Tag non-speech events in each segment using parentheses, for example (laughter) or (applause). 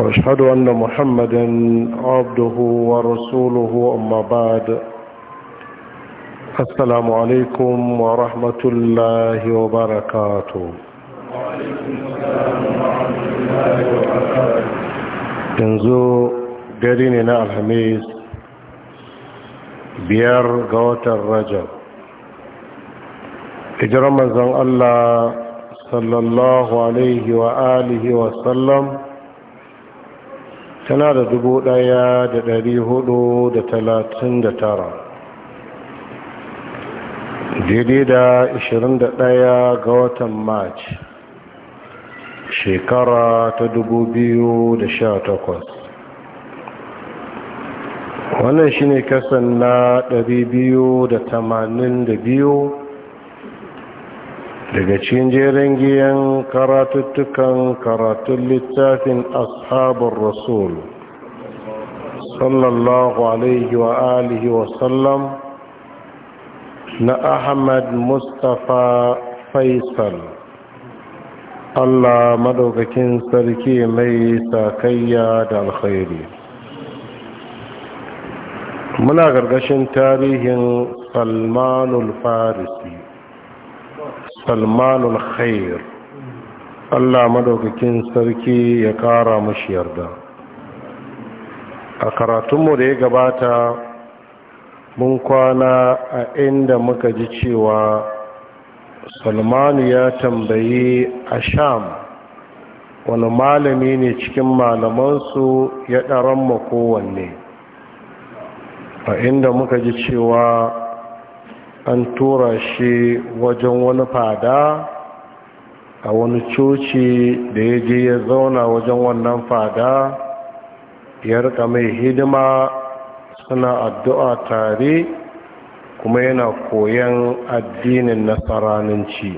واشهد ان محمدا عبده ورسوله اما بعد السلام عليكم ورحمة الله وبركاته وعليكم السلام ورحمة الله وبركاته الحميس بير قوت الرجب اجرم زن الله صلى الله عليه وآله وسلم وعليكم tana da dubu ɗaya da dari hudu da talatin da tara daidai da ishirin da ɗaya ga watan march shekara ta dubu biyu da sha takwas wannan shine kasan na dari biyu da tamanin da biyu daga cikin jerin giyan karatuttukan karatun littafin ashabar rasul sallallahu alaihi wa alihi wa sallam na ahmad mustapha faisal allah madaukakin sarki mai sakayya da alkhairi muna gargashin tarihin salmanul faris salmanul khair allah madaukakin sarki ya kara mashi yarda a karatunmu da ya gabata mun kwana a inda muka ji cewa salmanu ya tambayi a sham wani malami ne cikin malamansu ya ɗaran kowanne a inda muka ji cewa an tura shi wajen wani fada a wani coci da ya je ya zauna wajen wannan fada ya rika mai hidima suna addu'a tare kuma yana koyan addinin nasaraninci.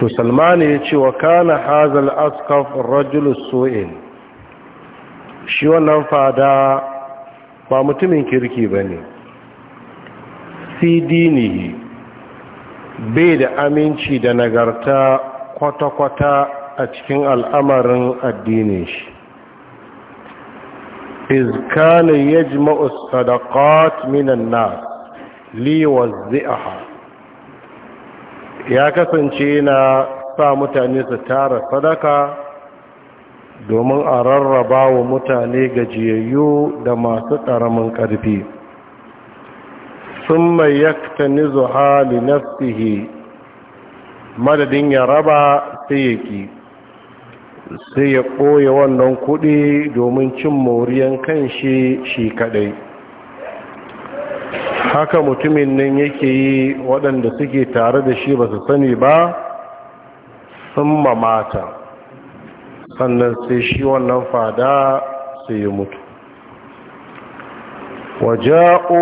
to salmani ya ce wa kana hazal askaf rajul so'in shi wannan fada ba mutumin kirki ba ne fi dinihi bai da aminci da nagarta kwata-kwata a cikin al'amarin addini. shi izkana ya jima'u sadakat minan na liwar zi'aha ya kasance na sa mutane su tara sadaka domin a rarraba wa mutane gajiyayyu da masu ƙaramin ƙarfi ثم يكتنزها لنفسه madadin ya raba sai ya ki sai ya ɓoye wannan kuɗi domin cin moriyan kanshi shi kaɗai haka mutumin nan yake yi waɗanda suke tare da shi ba su sani ba sun mamata sannan sai shi wannan fada sai ya mutu waja'o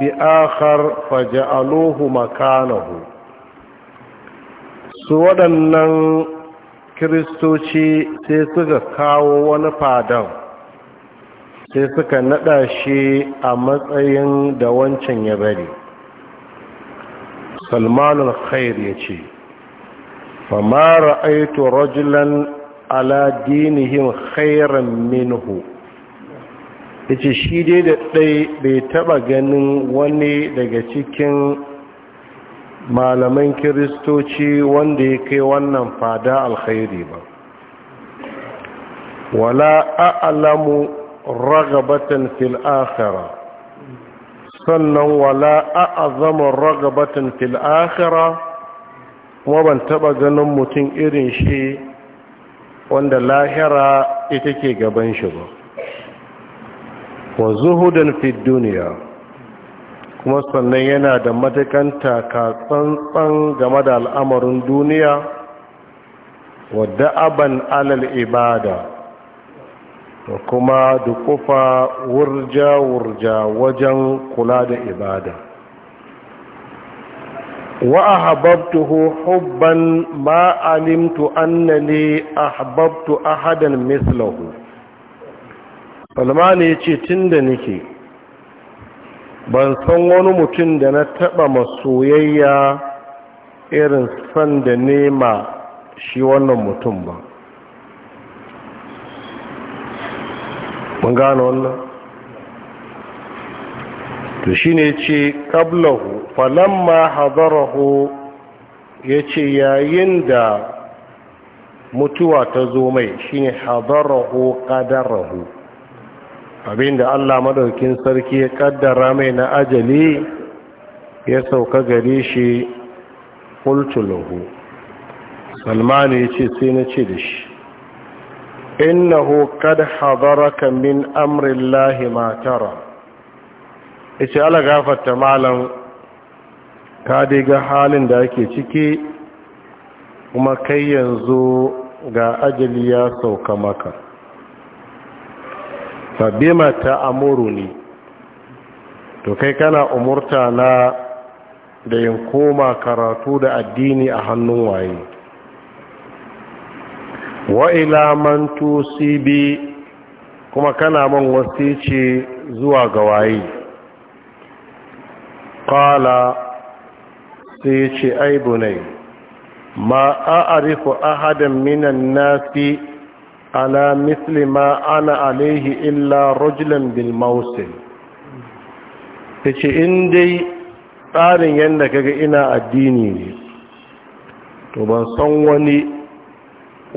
bi'akhar faja'aluhu makanahu su waɗannan kiristoci sai suka kawo wani fadan sai suka naɗa shi a matsayin da wancan ya bari salmanul khair ya ce ma ra'aitu rajulan ala dinihim khairan minhu ya ce shi dai da ɗai bai taɓa ganin wani daga cikin malaman kiristoci wanda ya kai wannan fada alkhairi ba wala a'lamu ragabatan fil akhirah sannan wala a'azama ragabatan fil akhirah kuma ban taɓa ganin mutum irin shi wanda lahira ita ke gaban shi ba wa zuhudan fi duniya kuma sannan yana da matakan taka tsantsan game da al'amarin duniya wa da'aban alal ibada da kuma dukufa wurja-wurja wajen kula da ibada wa ahabbtuhu hubban annali alimtu annani ahbabtu ahadan mislahu falmani ya ce tun da nake ban san wani mutum da na taɓa masoyayya irin san da nema shi wannan mutum ba mun gano wannan to shi ne ce ƙablahu falamma hazarahu ya ce yayin da mutuwa ta zo mai shi ne hazarahu ƙadarahu abinda Allah maɗaukin sarki ya kaddara mai na ajali ya sauka gare shi kultulahu Salman ya ce sai na ce da shi innahu kad hadaraka min amrillahi ma tara yace ala gafarta malam ka dai ga halin da ake ciki kuma kai yanzu ga ajali ya sauka maka fa amuru ne to kai kana umurta na da yin koma karatu da addini a hannun waye wa ila man kuma kana man ce zuwa ga waye qala sai ce ai bunai ma a'rifu ahadan minan nasi ala misli ma ana alaihi illa rajulan bil mausil ta ce in dai tsarin yadda kaga ina addini ne to ban san wani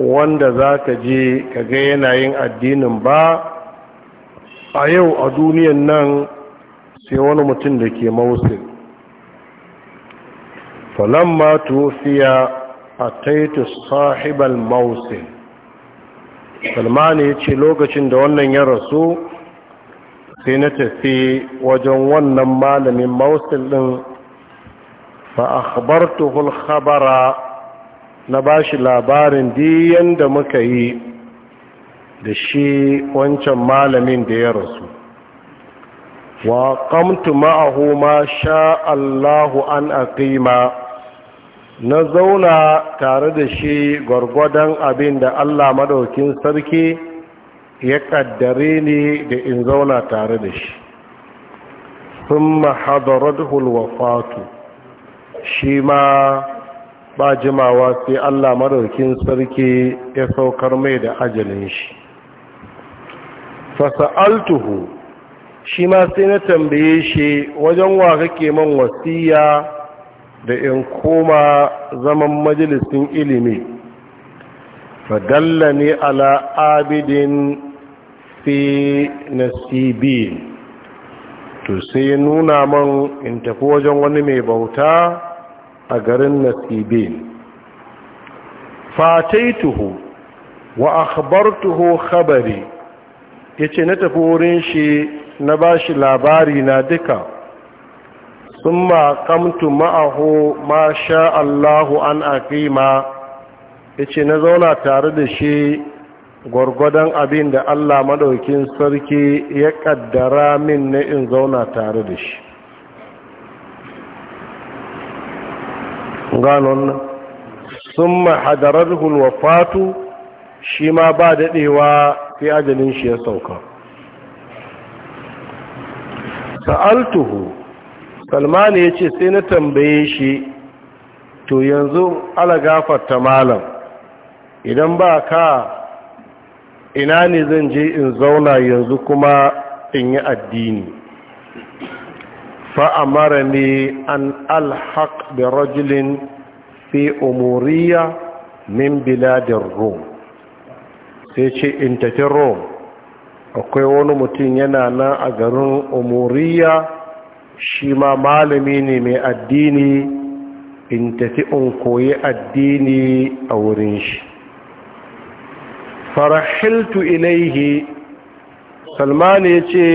wanda za ka je kaga yanayin addinin ba a yau a duniyan nan sai wani mutum da ke mausil falamma tufiya a taitus sahibal mausil salmani ya ce lokacin da wannan ya rasu sai na tafi wajen wannan malamin mausul ɗin fa'akbartuhul khabara na ba shi labarin diyan da muka yi da shi wancan malamin da ya rasu wa kamtu ma'ahu ma sha Allahu an aqima na zauna tare da shi gwargwadon abin da Allah Maɗaukin sarki ya kaddare ni da in zauna tare da shi sun mahadaratul hulwafatu shi ma ba jimawa sai Allah Maɗaukin sarki ya saukar mai da ajalin shi fasa'altuhu shi ma sai na tambaye shi wajen wa kake man wasiya da in koma zaman majalisin ilimi fadalla ne ala abidin fi nasibi to sai nuna man in tafi wajen wani mai bauta a garin nasibi fataituhu wa akhbartuhu khabari yace na tafi wurin shi na bashi labari na duka ثم قمت معه ما شاء الله أن أقيم yace na zauna tare da shi gwargwadon abin da Allah maɗaukin sarki ya ƙaddara min na in zauna tare da shi ganon sun mahadarar hulwafatu shi ma ba daɗewa sai ajalin shi ya sauka sa'altuhu salman ya ce sai na tambaye shi to yanzu ala gafarta malam idan ba ka ina ne zan je in zauna yanzu kuma in yi addini fa'amara ne an alhaq da rajulin fi umuriya min biladin rome sai ce in tafi rome akwai wani mutum yana nan a garin umuriya shi ma malami ne mai addini in tafi in koyi addini a wurin shi farahiltu ilaihi salmani ya ce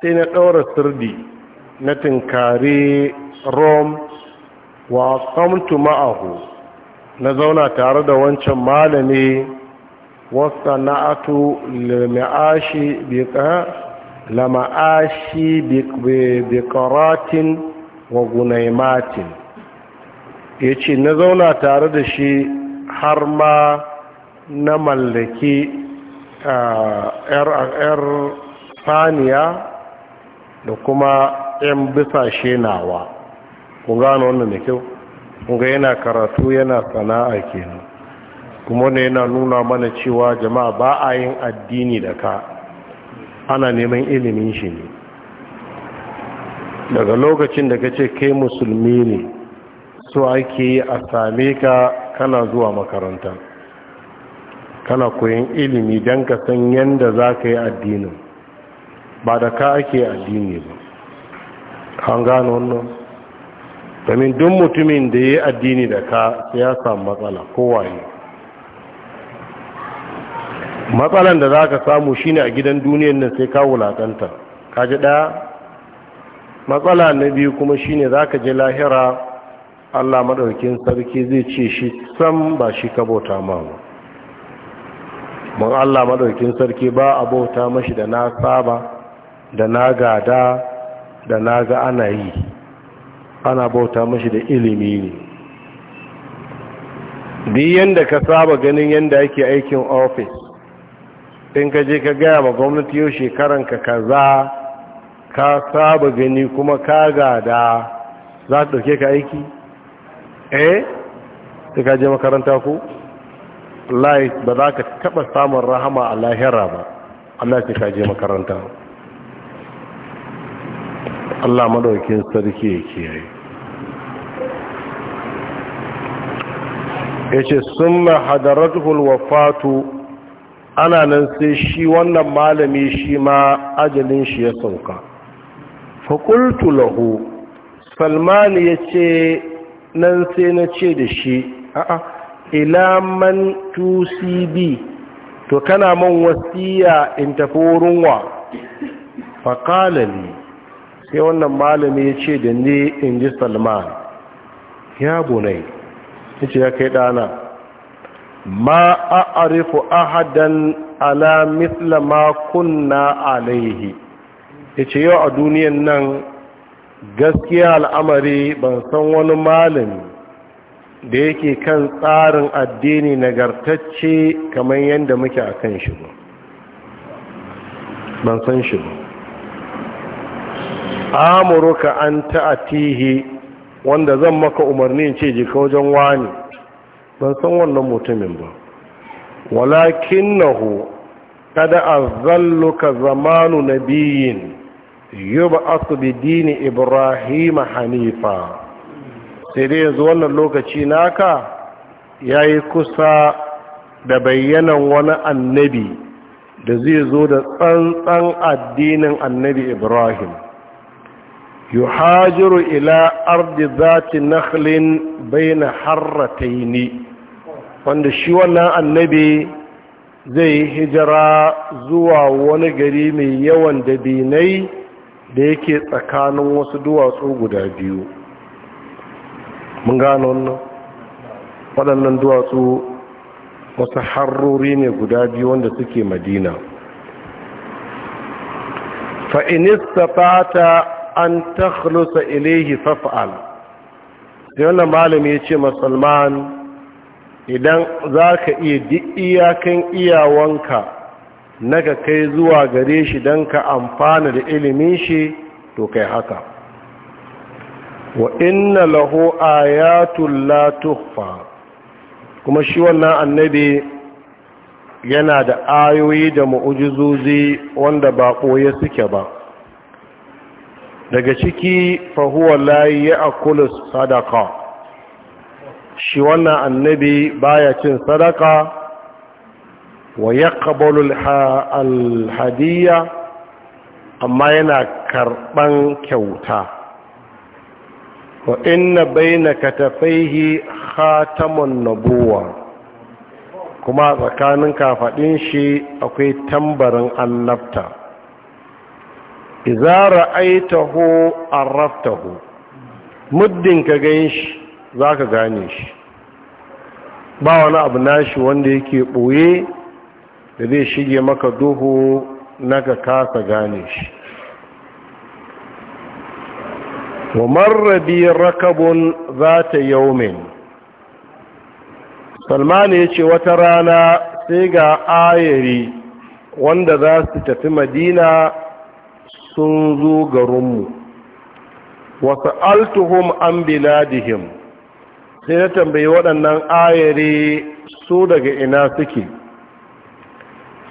sai na ɗaura sirdi na tinkari rom wa kamtu ma'ahu na zauna tare da wancan malami wasa na'atu lilmi'ashi lama'ashi bikaratin wa gunaimatin ya ce na zauna tare da shi har ma na mallaki yar faniya da kuma yan bisashe nawa Ku gano wannan da kyau kun ga yana karatu yana sana'a kenan kuma ne yana nuna mana cewa jama'a ba a yin addini da ka ana neman ilimin shi ne daga lokacin da ka ce kai musulmi ne so ake yi a same ka kana zuwa makaranta kana koyan ilimi don ka san yadda za ka yi addinin ba da ka ake addini ba an gano wannan domin duk mutumin da ya yi addini da ka ya samu matsala kowaye matsalan da za ka samu shine a gidan duniyan nan sai ka wulakanta ka ji ɗaya matsala na biyu kuma shine za ka ji lahira allah maɗaukin sarki zai ce shi sam ba shi ka bauta ma Ban allah maɗaukin sarki ba a bauta mashi da na saba da na gada da na ga ana yi ana bauta mashi da ilimi ne biyan yadda ka saba ganin yadda ake aikin ofis in ka je ka gaya ma gwamnati yau ka kaza ka saba gani kuma ka gada za ta ɗauke ka aiki eh sai ka je makaranta ku lai ba za ka taɓa samun rahama a lahira ba Allah sai ka je makaranta Allah madaukin sarki ya kiyaye sun summa hadaratuhu alwafatu ana nan sai shi wannan malami shi ma ajalin shi ya sauka faƙultu lahu salmani ya ce nan sai na ce da shi a'a ilaman 2cb to kana man wasiya in tafi wurin wa faƙalali sai wannan malami ya ce da ne in ji salman ya bunai ya ce ya kai ɗana ma a'rifu ahadan ala mithla ma kunna alaihi yace yau a duniyan nan gaskiya al'amari ban san wani malami da yake kan tsarin addini nagartacce kamar yadda muke a kan shi ba ban san shi ba amuruka an ta'atihi wanda zan maka umarni ce jika wajen wani ban san wannan mutumin ba walakin nahu kada zalluka zamanu nabiyin yub'athu bi dini ibrahim hanifa sai dai yanzu wannan lokaci naka yi kusa da bayyanan wani annabi da zai zo da tsantsan addinin annabi ibrahim yuhajiru ila ardi zati nakhlin baina ni, wanda shi wannan annabi zai hijira zuwa wani gari mai yawan dabinai da yake tsakanin wasu duwatsu guda biyu mun gano wannan duwatsu wasu harrori ne guda biyu wanda suke madina fa'inista fata an takhlusa ilaihi faf'al sai wannan malami ya ce musulman idan za ka iya duk iyakan iyawanka na ka kai zuwa gare shi don ka amfana da ilimin shi to kai haka wa inna lahu ayatul la tuhfa kuma shi wannan annabi yana da ayoyi da mu'ujizozi wanda ba ɓoye suke ba daga ciki fahuwa layi ya akulus sadaka shi wannan annabi baya cin sadaka wa ya ƙabalul alhadiyya amma yana karɓan kyauta wa inna baina katafaihi khatamun nabuwa kuma tsakanin kafaɗin shi akwai tambarin annabta iza ra'aitahu arraftahu muddin ka gan shi za ka gane shi ba wani abu nashi wanda yake ɓoye da zai shige maka duhu na ka kasa gane shi wa marrabi rakabun za ta yaumin salmani ya ce wata rana sai ga ayari wanda za su tafi madina sun zo garinmu wasu altuhum an biladihim sai na tambayi waɗannan ayare su daga ina suke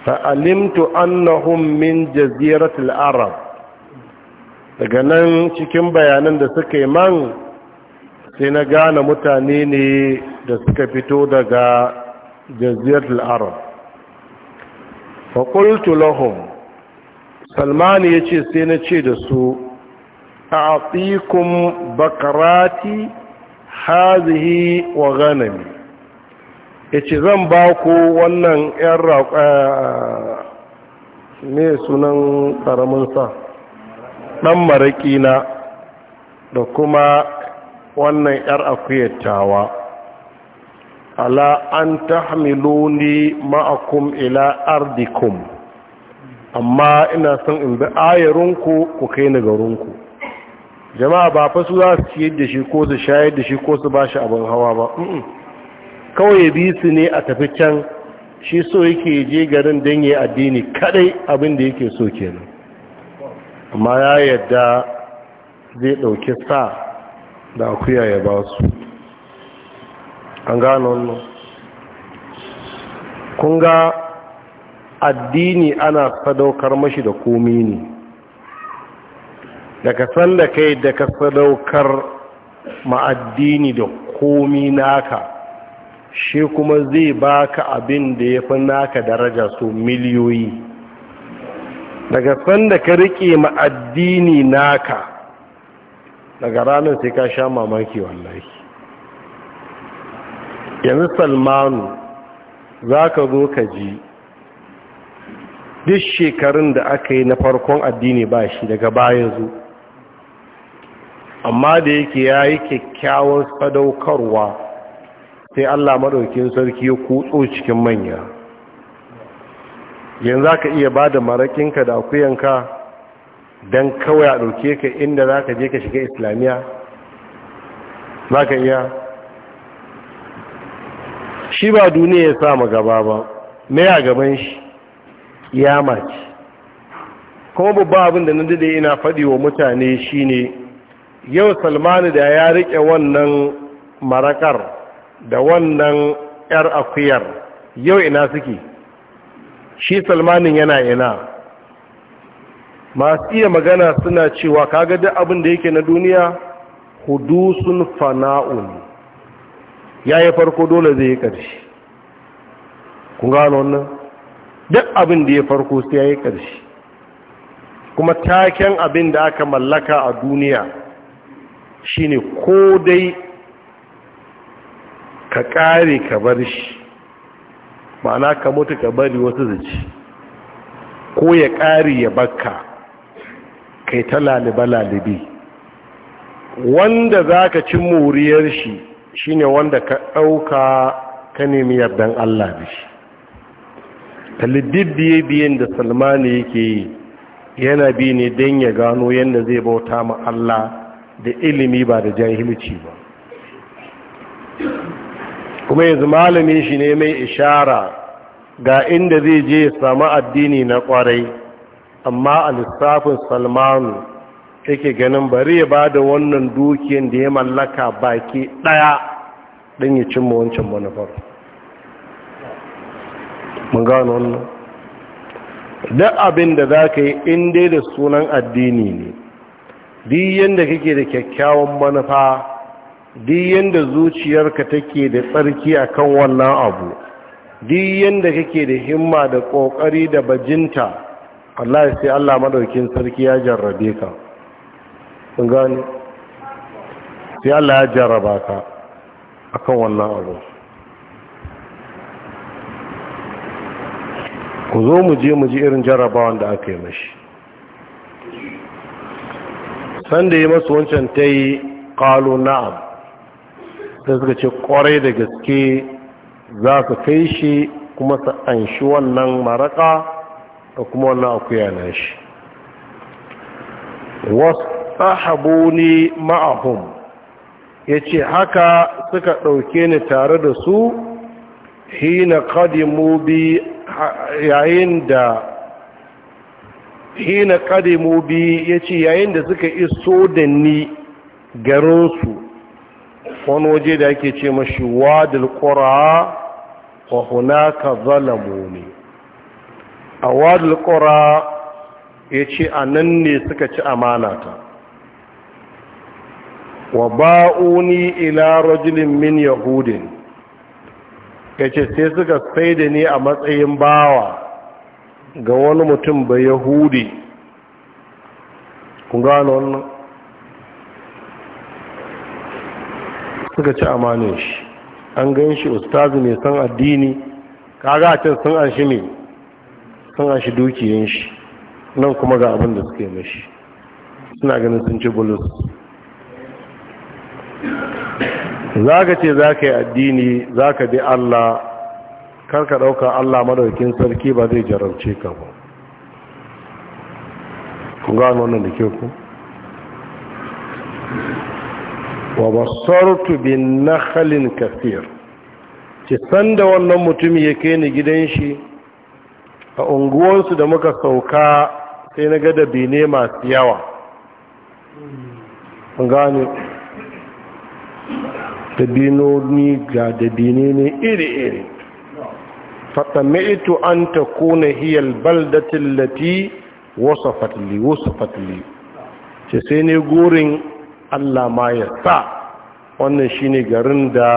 fa'alimtu annahum min jaziratul arab daga nan cikin bayanan da suka yi man sai na gane mutane ne da suka fito daga jaziratul arab faƙultu lahum salmani ya ce sai na ce da su a atikun bakarati hazihi wa ganami ya ce zan ba ku wannan 'yan raƙa ne eh, sunan ƙaramin sa ɗan maraƙi na da kuma wannan 'yar akuyattawa ala an ta ma'akum ila ardikum amma ina son in bi ayarunku ku kai ni garinku jama'a ba fa su za su ciyar da shi ko su shayar da shi ko su ba shi abin hawa ba kawai ya bi su ne a tafi can shi so yake je garin don yi addini kadai abin da yake so kenan amma ya yadda zai ɗauki sa da akuya ya ba su an gano wannan kun ga addini ana sadaukar mashi da komi ne daga sanda da kai da ka sadaukar ma'addini da komi naka shi kuma zai baka abin da ya fi naka daraja su miliyoyi daga sanda ka riƙe ma'addini naka daga ranar sai ka sha mamaki wallahi yanzu salmanu za ka zo ka ji duk shekarun da aka yi na farkon addini ba shi daga bayan zu amma da yake ya yi kyakkyawar sadaukarwa sai allah maɗaukin sarki ya kutso cikin manya yanzu ka iya ba da marakinka da akuyanka don kawai a ɗauke ka inda za ka je ka shiga islamiyya za ka iya shi ba duniya ya sa gaba ba mai a gaban shi kiyama ce kuma babban abin da na dade ina faɗi wa mutane shine yau salmanu da ya riƙe wannan marakar da wannan 'yar akuyar yau ina suke shi salmanin yana ina masu iya magana suna cewa kaga duk abin da yake na duniya hudusun fana'un ya yi farko dole zai yi ƙarshe ku gano wannan duk abin da ya farko sai ya yi ƙarshe kuma taken abin da aka mallaka a duniya shine ko dai ka ƙare ka bar shi ma'ana ka mutu ka bari wasu zuci ko ya ƙare ya bakka kai ta laliba-lalibi wanda za ka ci moriyar shi shine wanda ka ɗauka ka nemi yardan Allah da shi kalli duk biye-biyen da salmani yake yi yana bi ne don ya gano yadda zai bauta ma Allah da ilimi ba da jahilci ba kuma yanzu malamin shi ne mai ishara ga inda zai je ya samu addini na kwarai amma a lissafin salmanu yake ganin bari ya ba da wannan dukiyan da ya mallaka baki ɗaya don ya cimma wancan manufar. mun gano wannan duk abin da za ka yi in dai da sunan addini ne duk yadda kake da kyakkyawan manufa duk yadda zuciyarka take da tsarki akan wannan abu duk yadda kake da himma da ƙoƙari da bajinta Allah sai Allah madaukin sarki ya jarrabe ka Mun gani sai Allah ya jarraba ka akan wannan abu ku zo mu je mu ji irin jarrabawan da aka yi mashi sanda yi masu wancan ta yi ƙalo na'am ta suka ce ƙwarai da gaske za su kai shi kuma su anshi wannan maraka da kuma wannan akuya na shi wasu ma'ahum ya ce haka suka ɗauke ni tare da su hina kadimu bi yayin da hina kadimu bi ya ce yayin da suka iso da ni garinsu wani waje da ake ce mashi wadil ƙura wa hunaka zalamu ne a wadil ƙura ya ce a nan ne suka ci amanata wa ba'uni ila rajulin min yahudin ya ce sai suka saida da ni a matsayin bawa ga wani mutum ba yahudi ku gano wannan suka ci amanin shi an gan shi ustazi mai san addini kaga a can sun an shi ne sun an shi dukiyin shi nan kuma ga abin da suke mashi suna ganin sun ci bulus zaka ce zaka yi addini zaka bi Allah ka ɗauka Allah madaukin sarki ba zai jarabce ka ba kun wannan da ke ku wa basartu bin nakhlin kafir ci sanda wannan mutum ya kai ni gidan shi a unguwarsu da muka sauka sai na ga da masu yawa dinoni ga dabine ne iri-iri fatamaitu an ta kuna hiyar baldatin lati wasu fatili wasu fatili ce sai ne gurin allah ma ya sa wannan shi ne garin da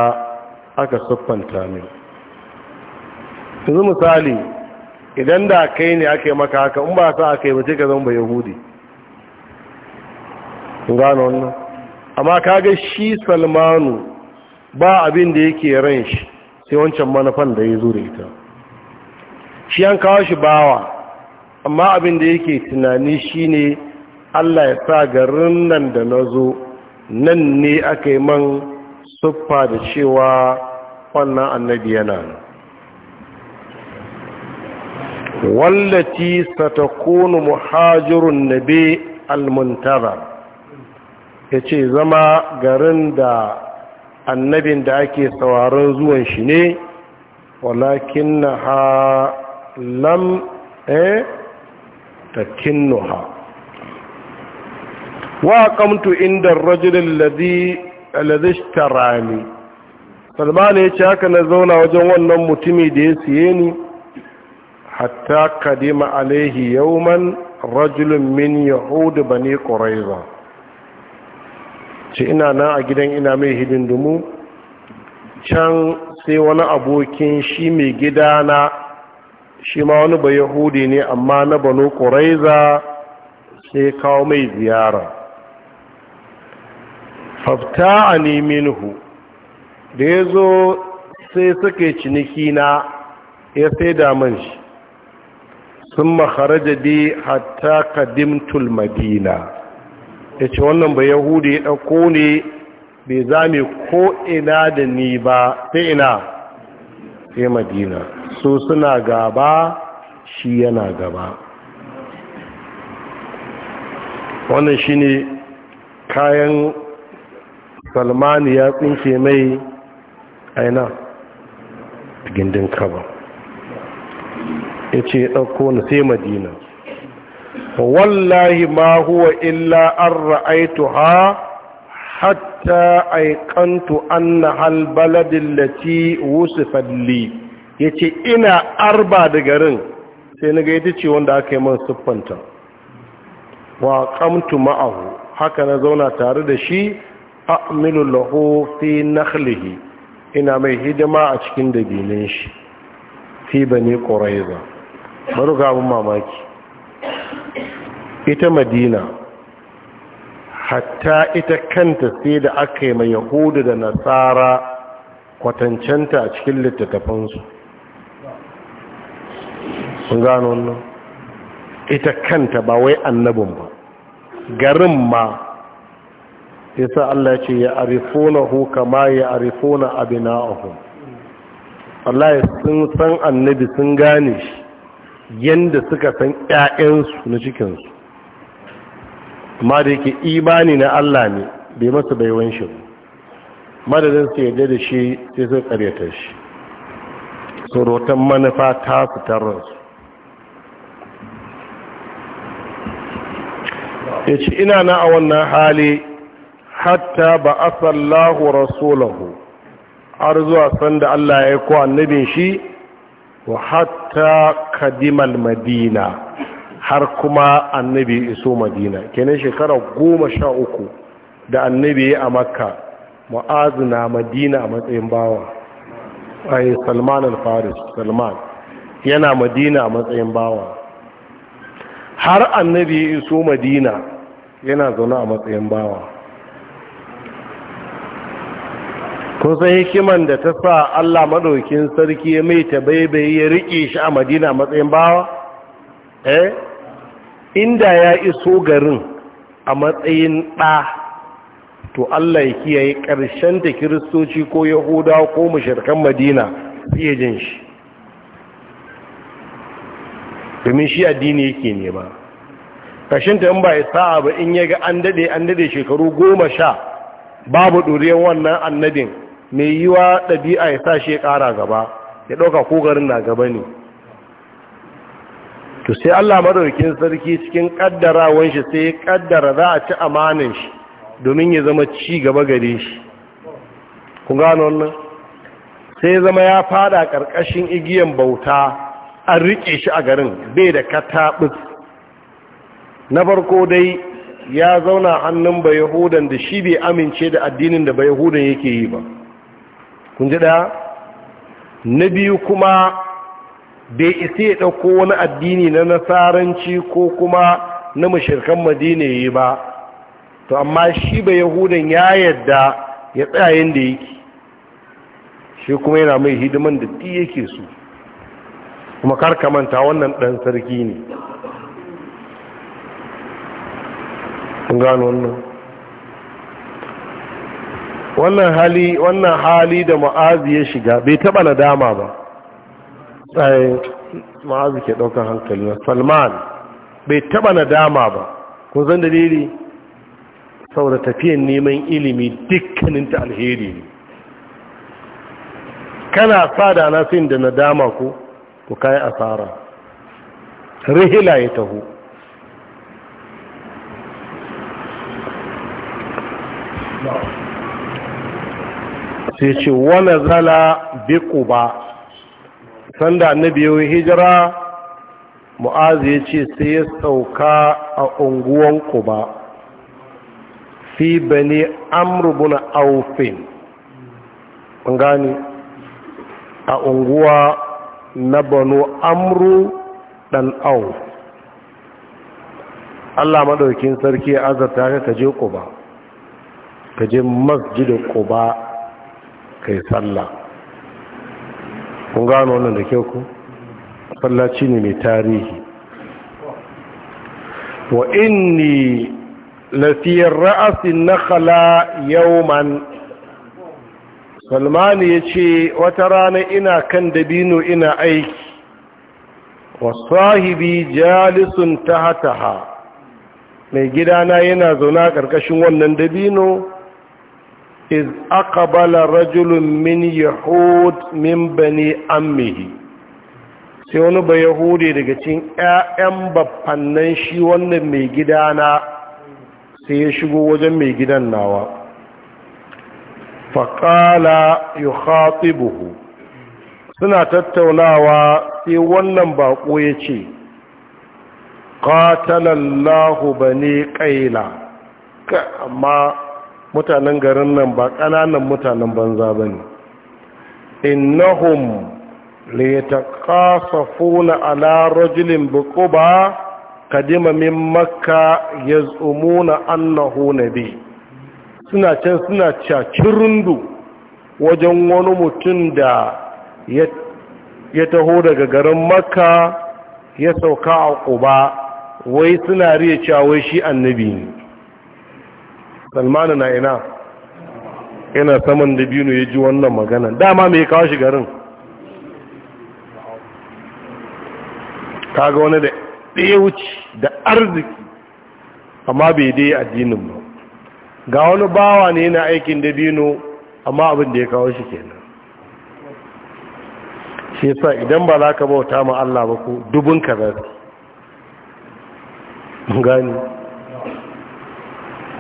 aka siffanta min yanzu misali idan da kai ne aka yi maka haka in ba sa aka yi mace ka zan ba yahudi gano wannan amma kaga shi salmanu ba abin da yake ran shi sai wancan manufan da ya zo da ita shi an kawo shi bawa amma abin da yake tunani shi ne Allah ya sa garin nan da na zo nan ne aka yi man suffa da cewa wannan annabi yana wallati satakunu muhajirun nabi ya ce zama garin da annabin da ake sauraron zuwan shi ne walakin na ha lam eh ta ha. wa kamtu inda rajulun lazishtarani salman ya ce haka na zauna wajen wannan mutumi da ya siye ni hatta kadima alaihi yauman rajulun min yahudu bane ƙuraiza ce ina na a gidan ina mai hidindumu can sai wani abokin shi mai gida na shi ma wani ba yahudi ne amma na banu ƙuraiza sai kawo mai ziyara fafta a hu. da ya zo sai suke ciniki na ya sai damar shi sun makarajade hatta kadimtul madina ya ce wannan ba yahudi ya ɗauko ne bai zame ko ina da ni ba ta ina sai madina so suna gaba shi yana gaba wannan shi ne kayan salmani ya tsinke mai aina gindin kaba ya ce ɗauko na sai madina fa wallahi mahuwa illa an ra'aituha hatta aikantu anna hal baladin lati wusifat li yace ina arba da garin sai naga ita ce wanda aka yi man siffanta wa qamtu ma'ahu haka na zauna tare da shi Aminu lahu fi nakhlihi ina mai hidima a cikin dabinin shi fi bani quraiza bari ga mamaki ita madina hatta ita kanta sai da aka yi mai yahudu da nasara kwatancenta a cikin littattafansu sun gano nan ita kanta ba wai annabin ba garin ma ya sa Allah ce ya arifunahu kama ya arifuna abina'ahum Allah sun san annabi sun gane shi yanda suka san yayansu na cikinsu amma da yake imani na Allah ne bai masa baiwan shi madadin su yadda da shi sai sun karyata shi surutan manufa ta su rasu ya ce ina na a wannan hali hatta ba sallahu rasulahu har zuwa sanda Allah ya yi ko nabin shi wa hatta kadimal madina har kuma annabi iso madina kenan shekara goma sha uku da annabi a makka mu'azu na madina a matsayin bawa ai salman al-faris salman yana madina a matsayin bawa har annabi iso madina yana zaune a matsayin bawa kun san hikiman da ta sa allah maɗaukin sarki ya mai ta baibaye ya riƙe shi a madina a matsayin bawa eh inda ya iso garin a matsayin ɗa to Allah ya kiyaye ƙarshen ta kiristoci ko yahuda ko mashirkan madina fiye jin shi domin shi addini yake ne ba ƙarshen ta in ba ya sa'a ba in yaga an daɗe an dade shekaru goma sha babu ɗoriyar wannan annabin mai yiwa ɗabi'a ya sa shi ya ƙara gaba ya ɗauka ko garin na gaba ne to sai Allah madaukin sarki cikin kaddarawan shi sai ya kaddara za a ci amanin shi domin ya zama ci gaba gare shi ku gano wannan sai zama ya fada karkashin igiyan bauta an rike shi a garin bai da katabus na farko dai ya zauna hannun Bayahudan da shi bai amince da addinin da ba yahudan yake yi ba kun ji da na biyu kuma bai isa ya ɗauko wani addini na nasaranci ko kuma na mashirkan madina ya ba to amma shi ba yahudan ya yadda ya tsayayen da yake shi kuma yana mai hidiman da ɗi yake su kuma karkamanta wannan ɗan sarki ne gano wannan wannan hali da ma'azi ya shiga bai taɓa nadama ba tsaye ma'azu ke ɗaukar hankali na salman bai taɓa nadama ba kun zan dalili saboda tafiyan neman ilimi dukkaninta alheri ne kana sada na sin da nadama ku ku kai asara rihila ya taho sai ce wani zala biku ba sanda annabi ya hijira mu'az ya ce sai ya sauka a unguwan kuba fi bani amrubuna aufin gani a unguwa na banu amru dan auf Allah maɗaukin sarki ya azarta ka kaje kuba kaje masjidin kuba kai sallah kun gano wannan da kyau ku fallaci ne mai tarihi wa inni lafiyar ra'asin nakhala yauman salmani ya ce wata rana ina kan dabino ina aiki wa sahibi jalisun tahataha mai gidana yana zauna ƙarƙashin wannan dabino iz aqbala rajulun min yahud min bani ammihi sai wani ba yahudi daga cikin ƴaƴan baffannan shi wannan mai gidana sai ya shigo wajen mai gidan nawa faƙala yukhatibuhu suna tattaunawa sai wannan baƙo ya ce qatalallahu bani qaila amma mutanen garin nan ba ƙananan mutanen banza ba ne innahum liyataqasafuna ala rajulin buquba kadima min makka yaz'umuna annahu nabi suna can suna cakirundu wajen wani mutum da ya taho daga garin makka ya sauka a ƙuba wai suna riya cewa wai shi annabi ne salmanu na ina ina saman dabino ya ji wannan magana dama mai kawo shi garin kaga wani da ɗaya wuce da arziki amma bai dai addinin ba ga wani bawa ne yana aikin dabino biyu amma abin da ya kawo shi kenan shi sa idan ba za ka bauta ma Allah ba ku dubin ka gani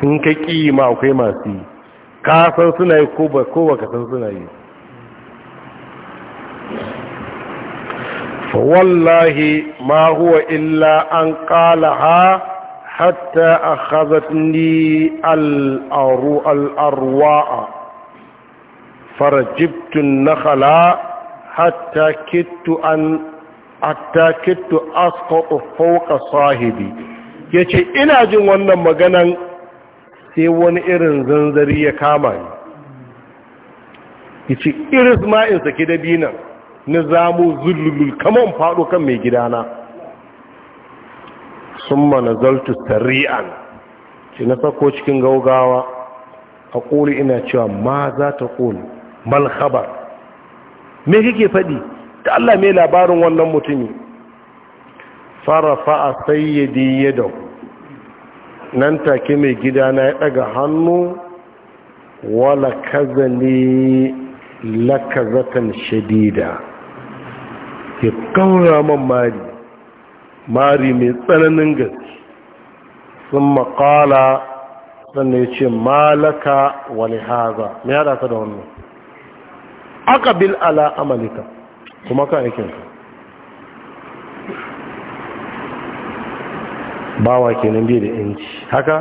sun ƙi ma akwai masu yi kasan suna yi ko ba kasan suna yi wallahi ma huwa illa an kala ha hatta a hazatni al’arwa’a farajibtun na khala hatta kittu an hatta kittu asko fauka sahibi ya ce ina jin wannan maganan sai wani irin zanzari ya kama ni yace iris ma in saki binan na zamu zullul kaman fado kan mai gidana summa nazaltu sari'an ce na sako cikin gaugawa a ina cewa ma za ta mal malhabar me kike faɗi ta Allah mai labarin wannan mutumi fara fa'a sayyadi yadahu nan take mai gida na ya daga hannu wala kaza ne lakazatan shadida ya kaura man mari mari mai tsananin gaske sun makala sannan ya ce malaka wani haza mai hada ta da wannan aka bil ala amalika kuma ka bawa kenan biyu da yanci haka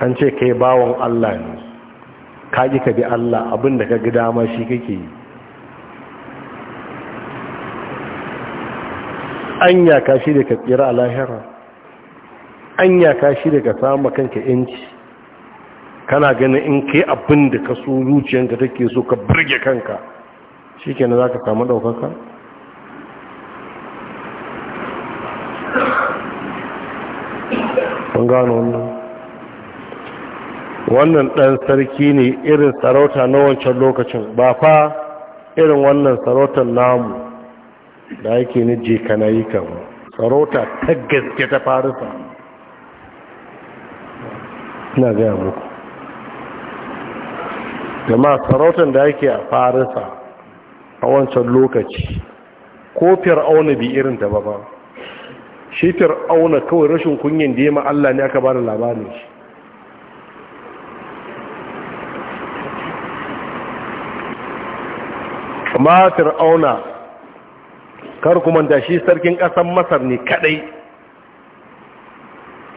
an ce kai bawon Allah ne ka ji ka bi Allah abinda ka ga dama shi kake yi an ka shi da ka tsira a lahira an ka shi da ka samu kanka yanci kana ganin in kai abinda da ka so zuciyanka take so ka burge kanka shi na za ka samu ɗaukaka kun gano wannan wannan ɗan sarki ne irin sarauta na wancan lokacin ba fa irin wannan sarautar namu da yake ni je kana yi ba, sarauta ta gaske ta farisa ina gaya muku jama sarautar da yake a farisa a wancan lokaci ko fir'auna bi irin ta ba ba shi fir'auna kawai rashin kunyan da ya ma Allah ne aka bada labarin shi amma fir'auna kar kuma da shi sarkin ƙasar masar ne kadai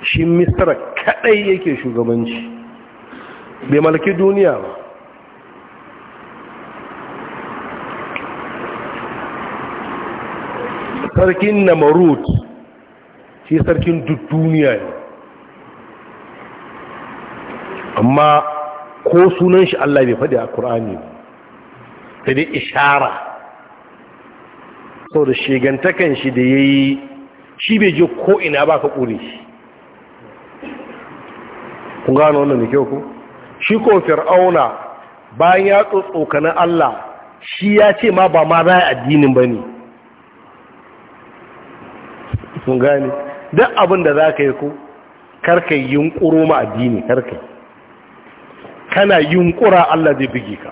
shi mistara kadai yake shugabanci bai malaki duniya ba sarkin namarut shi sarkin duk duniya ne amma ko sunan shi Allah bai faɗi a Kur'ani ta dai ishara sau da shi da ya yi shi bai je ko'ina ba ka ƙuri shi kun gano wannan da kyau ku shi ko fir'auna bayan ya tsotsoka na Allah shi ya ce ma ba ma za a addinin ba ne ku gane duk abin da za ka yi ku karka yi yunkuro ma addini karka kana yunkura Allah zai bugi ka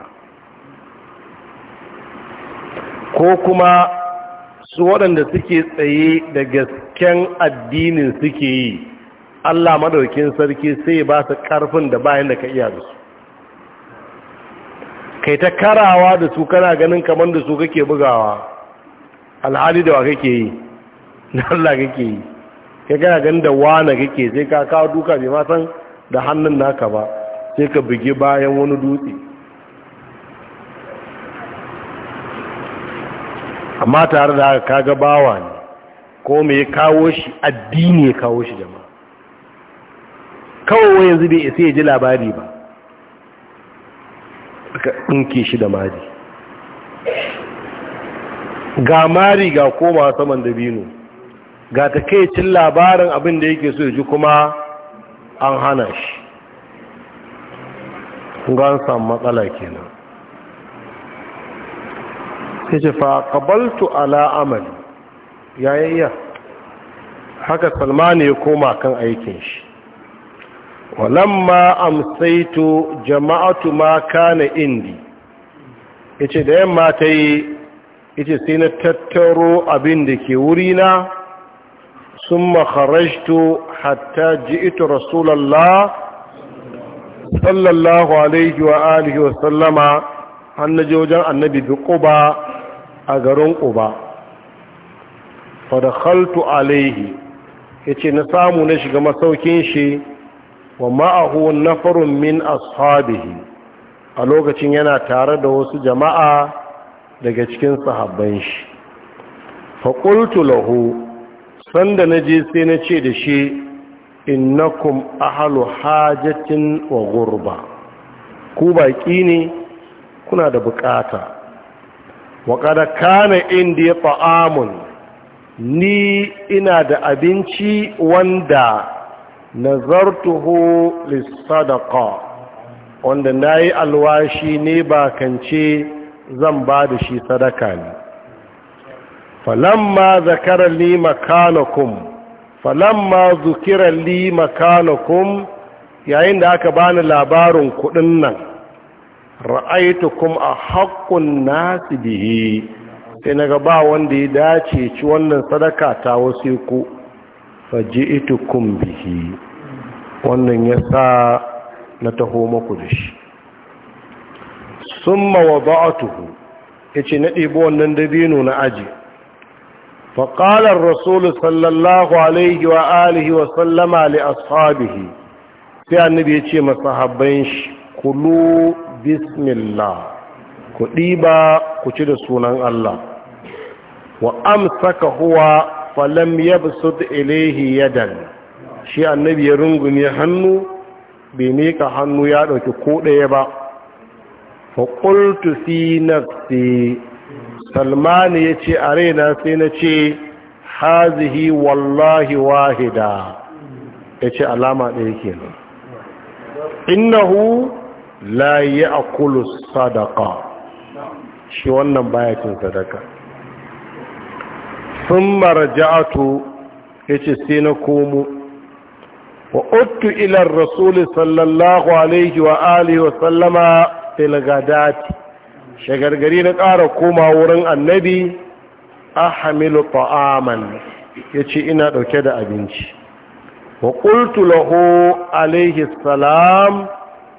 ko kuma su waɗanda suke tsaye da gasken addinin suke yi Allah madaukin sarki sai ba su ƙarfin da bayan da ka iya da su kai ta karawa da su kana ganin kamar da su kake bugawa alhali da wa kake yi na (laughs) Allah kake yi kai gana gan da wane kake sai ka kawo duka bai matan san da hannun naka ba sai ka bugi bayan wani dutse amma tare da haka kaga bawa ne ko mai kawo shi addini ya kawo shi jama'a kawai yanzu bai isa ya ji labari ba aka ɗinke shi da mari ga mari ga koma saman dabino ga ta cin labarin abin da yake so ji kuma an hana shi an samu matsala kenan Ya ce fa qabaltu Ya yi iya. haka salmani ya koma kan aikin shi walamma amsaito jama'atu ma kana indi Ya ce da yamma ta yi ce sai na tattaro abin da ke wurina ثم خرجت حتى جئت رسول الله صلى الله عليه وآله وسلم أن جوجا النبي بقبا أغرون قبا فدخلت عليه yace na samu na shiga masaukin shi wa ma'ahu nafarun min ashabihi a lokacin yana tare da wasu jama'a daga cikin sahabban shi faƙultu lahu sanda na je sai na ce da shi innakum ahalu hajatin wa gurba ku baki ne kuna da bukata wa kada kana indiya ta'amun ni ina da abinci wanda nazartuhu lissadaqa wanda nayi alwashi ne bakance zan ba da shi sadaka ne falamma zakara li makanakum falamma zukira li makanakum yayin da aka bani labarin kudin nan ra'aitukum a haƙƙun nasi bihi sai naga ba wanda ya dace ci wannan sadaka ta wasu ku faji'itukum bihi wannan ya na taho maku da shi summa wada'atuhu yace na ɗebo wannan dabino na aji فقال الرسول صلى الله عليه وآله وسلم لأصحابه في النبي يتشي مصحبين كلوا بسم الله كتيبا كتير سنان الله وأمسك هو فلم يبسط إليه يدا شيء النبي يرنغن يحنو بميك حنو يادو كود يبا فقلت في نفسي salmani ya ce a raina sai na ce hazihi wallahi wahida ya ce alama ɗaya ke nan innahu la ya akulu sadaka shi wannan baya cin sadaka sun marja'atu ya ce sai na komo wa ottu ilar rasuli sallallahu alaihi wa alihi wa sallama filgadati shagargari na ƙara koma wurin annabi a hamilu ta'aman ya ce ina ɗauke da abinci wa ƙultu laho alaihi salam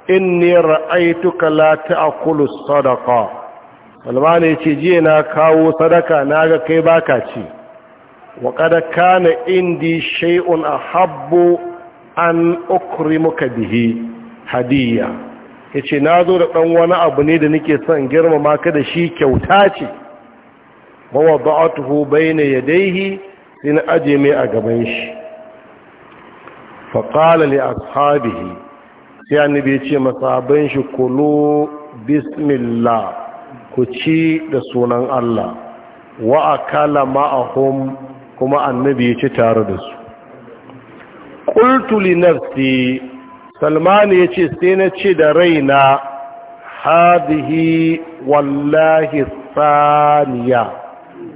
inni ra'aituka la sadaka sadaqa ya ce jiya na kawo sadaka na ga kai baka ci wa ƙada kana indi shai'un a habbu an muka bihi hadiyya ya ce na zo da ɗan wani abu ne da nake son girmama ka da shi kyauta ce mawa ba'atuhu ya daihi sai na aje mai a gaban shi faƙala a ashabihi sai annabi ya ce masahaban shi kulu bismillah ku ci da sunan Allah wa kala ma'ahum kuma annabi ya ci tare da su ƙultuli na nafsi salmanu ya ce sai na ce da raina hadihi wallahi saniya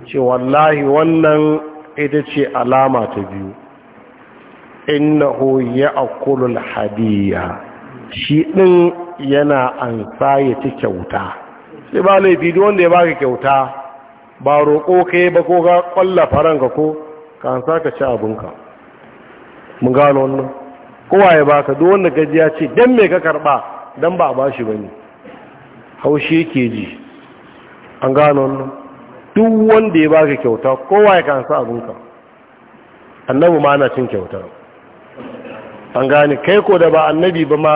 ce wallahi wannan ita ce alama ta biyu innahu ya akulul hadiya shi ɗin yana an ya ci kyauta sai ba laifi wanda ya baka kyauta ba roƙo ka ba ko ga ƙwallafa ranka ko ka an sa ka ci abinka mun gano wannan kowa ya baka duk wanda gaji ya ce dan me ka karba dan ba a bashi bane haushi yake ji an gano wannan duk wanda ya baka kyauta kowa ya kansa abinka annabi ma ana cin kyauta an gane kai ko da ba annabi ba ma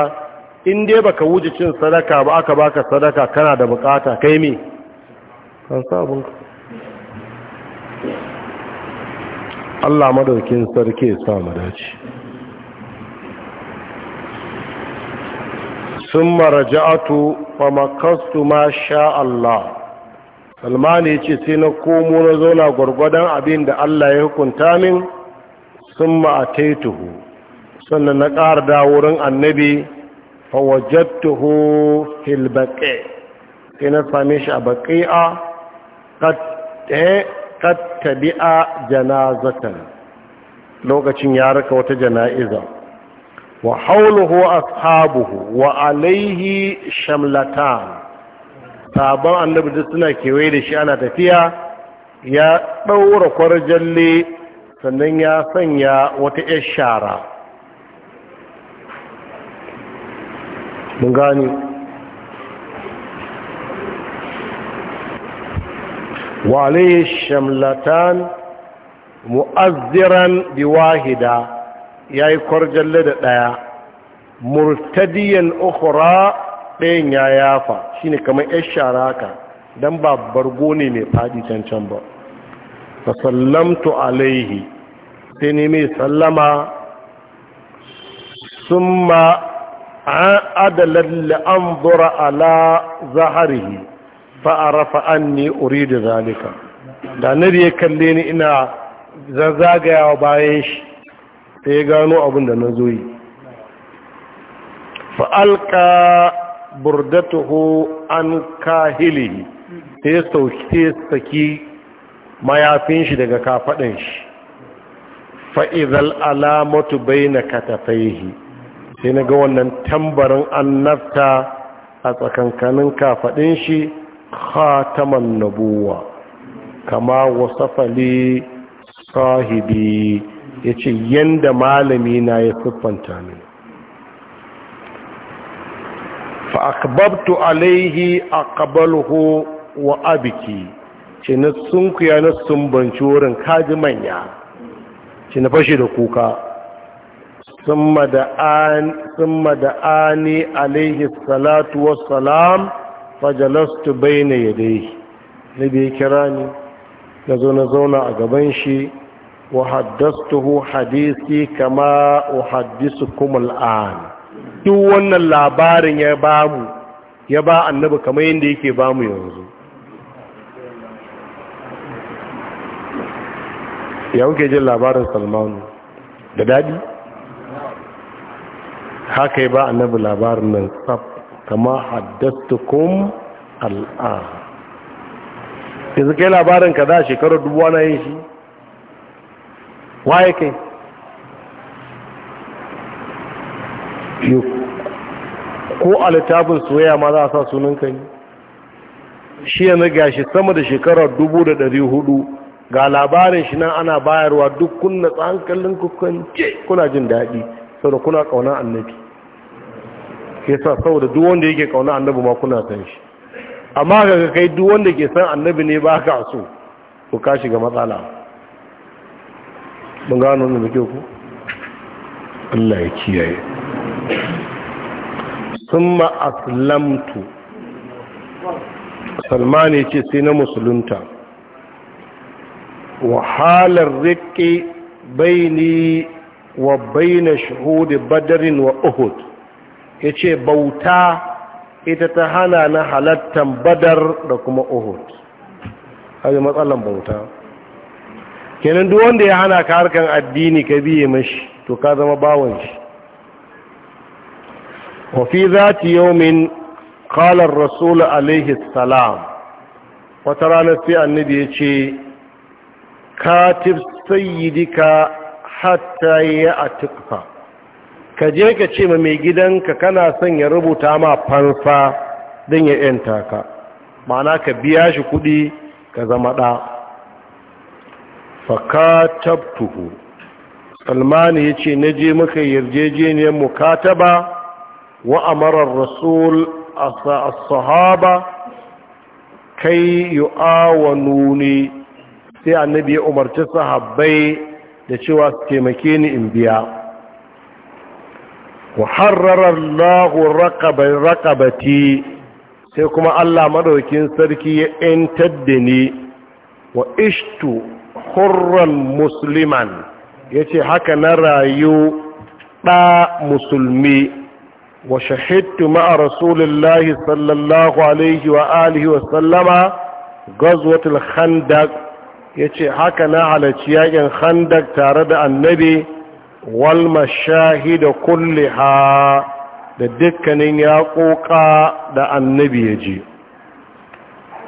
in dai baka wuce cin sadaka ba aka baka sadaka kana da bukata kai me kansa abinka Allah madaukin sarki ya sa mu dace sun maraja'atu famakastu ma sha Allah salmani ce sai na komo na zauna gwargwadon abin da Allah ya hukunta min sun ma'ataituhu sannan na ƙara da wurin annabi fawajattuhu filbaƙe. sai na same shi a baƙi'a ƙattabi'a janazatan lokacin ya raka wata jana'iza wa hauluhu ashabuhu wa alaihi shamlatan sabon annabi duk suna kewaye da shi ana tafiya ya ɗaura kwarjalle sannan ya sanya wata 'yar shara mun gani wa alaihi shamlatan mu'azziran biwahida ya yi kwarjalle da ɗaya murtadiyan ukura ɗayan ya yafa shi ne kamar shara sharaka don ba bargo ne mai faɗi can ba sallamtu alaihi sai ne mai sallama sun ma an adalalle an zura ala zaharihi fa'arafa an ne uri da zalika da nari ya kalle ni ina zagayawa bayan shi sai ya gano abin da na zo yi fa'alƙa burdatuhu an kahilihi sai ya saki mayafin shi daga kafaɗin shi fa'izal alamatu bai na katafaihi sai na ga wannan tambarin annabta a tsakankanin kafaɗin shi khataman nabuwa kama wasafali sahibi ya ce yadda malami na ya siffanta ne fa'akbabtu alaihi a ƙabalho wa abiki ce na sunkuya na banci wurin kaji manya ce na fashe da kuka sun mada'ani alaihi salatu wassalam fajalastu bai na yadai na biya kira ne na zo na zauna a gaban shi وحدثته حديثي كما أحدثكم الآن duk wannan labarin ya ba mu ya ba annabi kamar yadda yake ba mu yanzu ya kuke jin labarin salmanu da dadi haka ya ba annabi labarin nan tsab kama haddastukum al'a yanzu kai labarin ka za a shekarar dubuwa na yin shi waye kai ko a littafin soyayya ma za a sa sunan ka ne shi yanzu gashi sama da shekarar dubu da hudu ga labarin shi nan ana bayarwa duk kunna tsankalin ce kuna jin daɗi saboda kuna ƙaunar annabi sa saboda duk wanda yake ƙaunar annabi ma kuna san shi amma ga kai duk wanda ke san annabi ne ba ka so ku kashi ga matsala mun gano wannan da ku Allah ya kiyaye summa aslamtu salman ya ce sai na musulunta wahalar riƙe baini wa baina shahudi badarin wa uhud ya ce bauta ita ta hana na halattan badar da kuma uhud hajji matsalan bauta kenan duk wanda ya hana ka harkar addini ka biye mashi to ka zama bawon shi wa fi zati yawmin qala ar-rasul alayhi salam wata rana sai annabi ya ce katib sayyidika hatta ya ka je ka ce ma mai gidanka kana son ya rubuta ma fansa don ya yanta ka ma'ana ka biya shi kuɗi ka zama ɗa fakatabtuhu salmani ya ce na je muka yarjejeniyar mukataba wa amarar rasul a sahaba kai yu'awanu ne sai annabi ya umarci sahabbai da cewa su taimake ni in biya wa hararar lahun rakabati sai kuma allah madaukin sarki ya 'yantar da ni wa ishtu hurran musliman ya ce haka na rayu ɗa musulmi wa shahidtu ma'a rasulullahi sallallahu alaihi wa alihi wa sallama gazwatul khandak ya ce haka na halarci yakin khandak tare da annabi wal mashahi da ha da dukkanin yaƙoƙa da annabi ya je.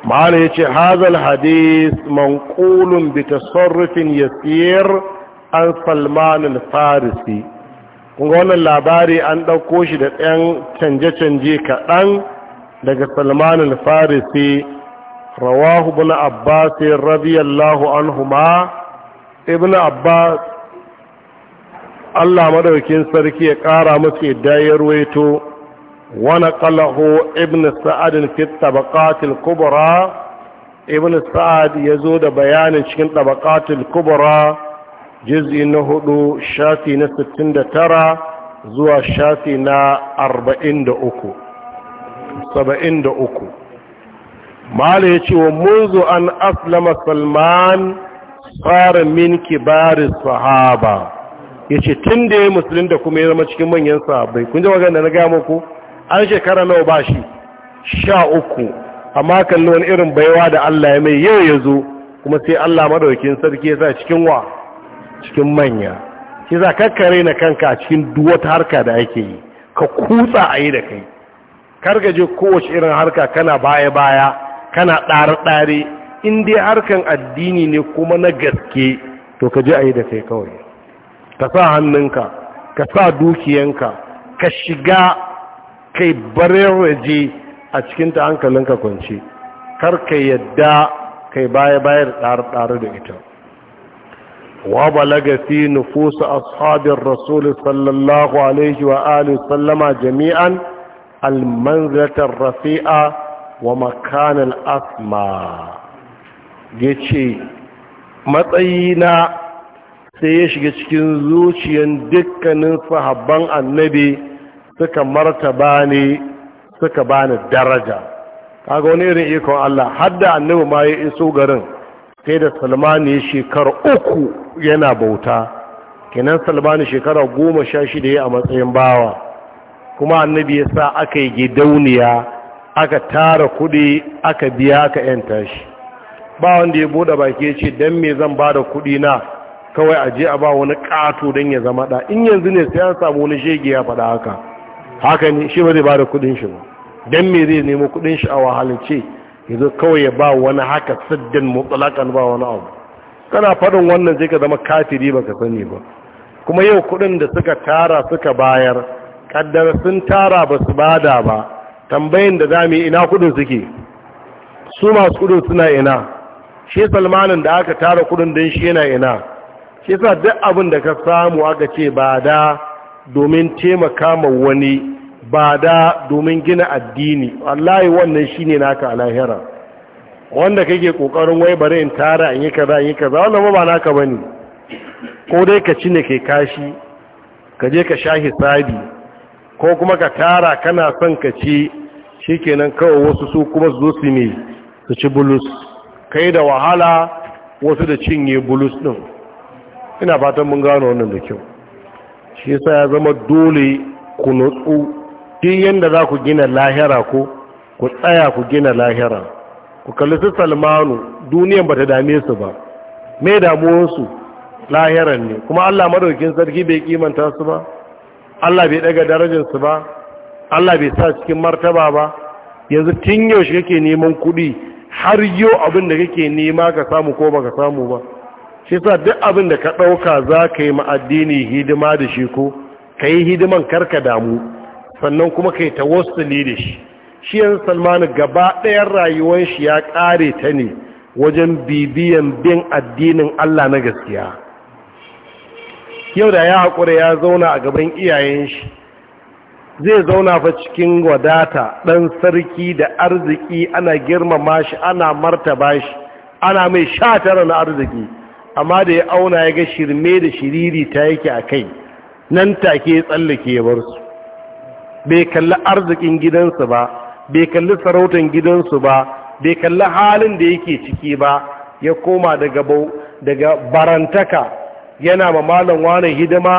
Ma'ana ya ce hazal hadis manƙulun bi tasarrufin siyar an salmanin farisi kunga wannan labari an ɗauko shi da ɗan canje-canje kaɗan daga salmanin farisi rawahu bin abbas radiyallahu anhuma ibn abbas allah madaukin sarki ya ƙara masu yadda ya ونقله ابن سعد في الطبقات الكبرى ابن سعد يزود بيان شكل طبقات الكبرى جزء نهدو شافي نستند ترى زوى شافي نا أربعين دعوكو سبعين دعوكو ماليش ومنذ أن أسلم سلمان صار من كبار الصحابة yace tun da ya musulun da kuma ya zama cikin manyan sahabbai kun ji magana na gaya muku an shekara nawa ba shi sha uku amma kalli wani irin baiwa da Allah ya mai yau ya zo kuma sai Allah madaukin sarki ya sa cikin wa cikin manya shi za kakkare na kanka a cikin duwata harka da ake yi ka kutsa a yi da kai kargaje kowace irin harka kana baya-baya kana ɗare-ɗare in dai harkan addini ne kuma na gaske to ka je a yi da kai kawai ka sa hannunka ka sa dukiyanka ka shiga kai barin waje a cikinta hankalinka kwance kar ka yadda kai baya bayar da ɗare da ita wa balaga fi nufusu ashabin rasulun sallallahu alaihi wa alihi sallama jami'an almanzatar rafi'a wa makanin asma ya ce matsayina sai ya shiga cikin zuciyan dukkanin sahabban annabi suka martaba ni suka bani daraja kaga wani irin ikon Allah har da annabi ma ya iso garin sai da salmani shekara uku yana bauta kenan Sulmani shekara goma sha shida ya a matsayin bawa kuma annabi ya sa aka yi gidauniya aka tara kuɗi, aka biya aka yanta shi ba wanda ya bude baki ya ce don me zan ba da kudi na kawai a je a ba wani kato don ya zama da in yanzu ne sai an samu wani shege ya faɗa haka haka ne shi ba zai ba da kudin shi ba don me zai nemo kudin shi a wahalance yanzu kawai ya ba wani haka siddin mutsalakan ba wani abu kana faɗin wannan zai ka zama kafiri ba ka sani ba kuma yau kudin da suka tara suka bayar kaddar sun tara ba su bada ba tambayin da zami ina kudin suke su masu kudin suna ina shi salmanin da aka tara kudin don shi yana ina shi sa duk abin da ka samu aka ce ba da domin taimaka ma wani ba da domin gina addini wallahi wannan shine naka a wanda kake kokarin wai bare in tara in yi kaza in yi kaza wannan ba naka bane ko dai ka ci ne kai kashi ka je ka sha hisabi ko kuma ka tara kana son ka ci shikenan kawai wasu su kuma su zo su ne su ci bulus kai da wahala wasu da cinye bulus din ina fatan mun gano wannan da kyau shi yasa ya zama dole ku nutsu duk yadda za ku gina lahira ko ku tsaya ku gina lahira ku kalli su salmanu duniyan ba ta dame su ba mai damuwarsu lahiran ne kuma allah madaukin sarki bai kimanta su ba allah bai daga su ba allah bai sa cikin martaba ba yanzu tun yaushe kake neman kuɗi har yau abin da kake nema ka samu ko ba ka samu ba shi sa duk abin da ka ɗauka za ka yi ma'addini hidima da shi ko ka yi hidiman karka damu sannan kuma ka yi wasu da shi shi yan salmanu gaba ɗayan rayuwar shi ya ƙare ta ne wajen bibiyan bin addinin allah na gaskiya yau da ya haƙura ya zauna a gaban iyayen shi zai zauna fa cikin wadata ɗan sarki da arziki ana girmama shi ana martaba shi ana mai sha tara na arziki amma da ya auna ya ga shirme da shiriri ta yake a kai nan take ya tsallake ya bar su bai kalli arzikin gidansu ba bai kalli sarautan gidansu ba bai kalli halin da yake ciki ba ya koma daga barantaka yana ma malam wani hidima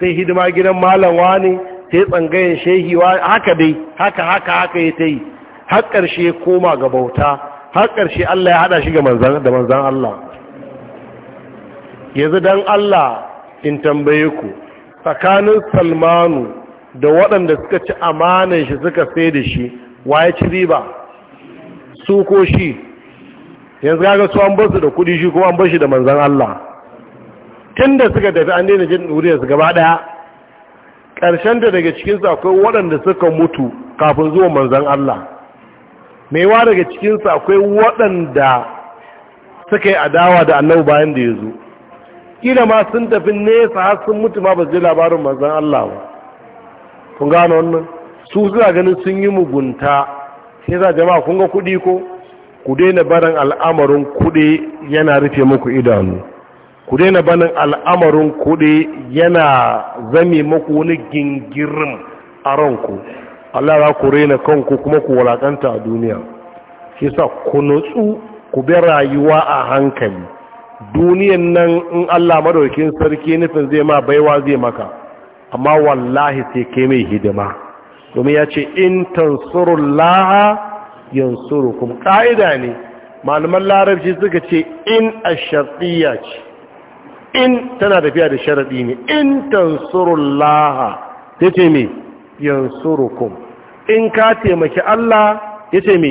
sai hidima gidan malam wani sai tsangayen shehi haka dai haka haka haka ya ta yi har ƙarshe koma ga bauta har ƙarshe Allah ya haɗa shi da manzan Allah yanzu don Allah in tambaye ku tsakanin salmanu da waɗanda suka ci amanan shi suka sai da shi waye ci riba su ko shi yanzu ga su an basu da kudi shi kuma an bashi da manzan Allah tun da suka tafi an daina jin su gaba ɗaya ƙarshen da daga cikinsu akwai waɗanda suka mutu kafin zuwa manzan Allah maiwa daga cikinsu akwai waɗanda suka yi adawa da annabu bayan da ya zo kila ma sun tafi nesa har sun mutu ma ba su ji labarin manzan Allah ba kun gano wannan su suna ganin sun yi mugunta sai za jama'a kun ga kuɗi ko ku daina barin al'amarin kuɗi yana rufe muku idanu ku daina barin al'amarin kuɗi yana zame muku wani gingirin a ranku Allah za ku raina kanku kuma ku walakanta a duniya shi sa ku nutsu ku bi rayuwa a hankali duniyan nan in Allah madaukin sarki nufin zai ma baiwa zai maka amma wallahi sai kai mai hidima domin ya ce in tansurullaha yansurukum ka'ida ne malaman larabci suka ce in ashartiyya ce in tana tafiya da sharadi ne in tansurullaha yace me yansurukum in ka taimaki Allah yace me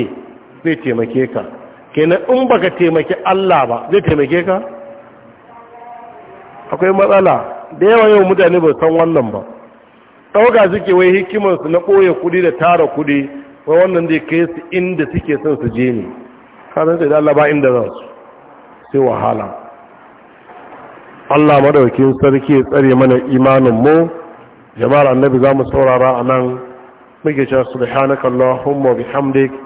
zai taimake ka kenan in baka taimaki Allah ba zai taimake ka akwai matsala da yawa yau mutane ba san wannan ba ɗauka suke wai hikimarsu na ɓoye kuɗi da tara kuɗi wai wannan zai kai su inda suke son su je ne kasan sai da Allah ba inda za su sai wahala Allah madaukin sarki ya tsare mana imanin mu jama'ar annabi za mu saurara a nan muke cewa subhanakallahumma bihamdika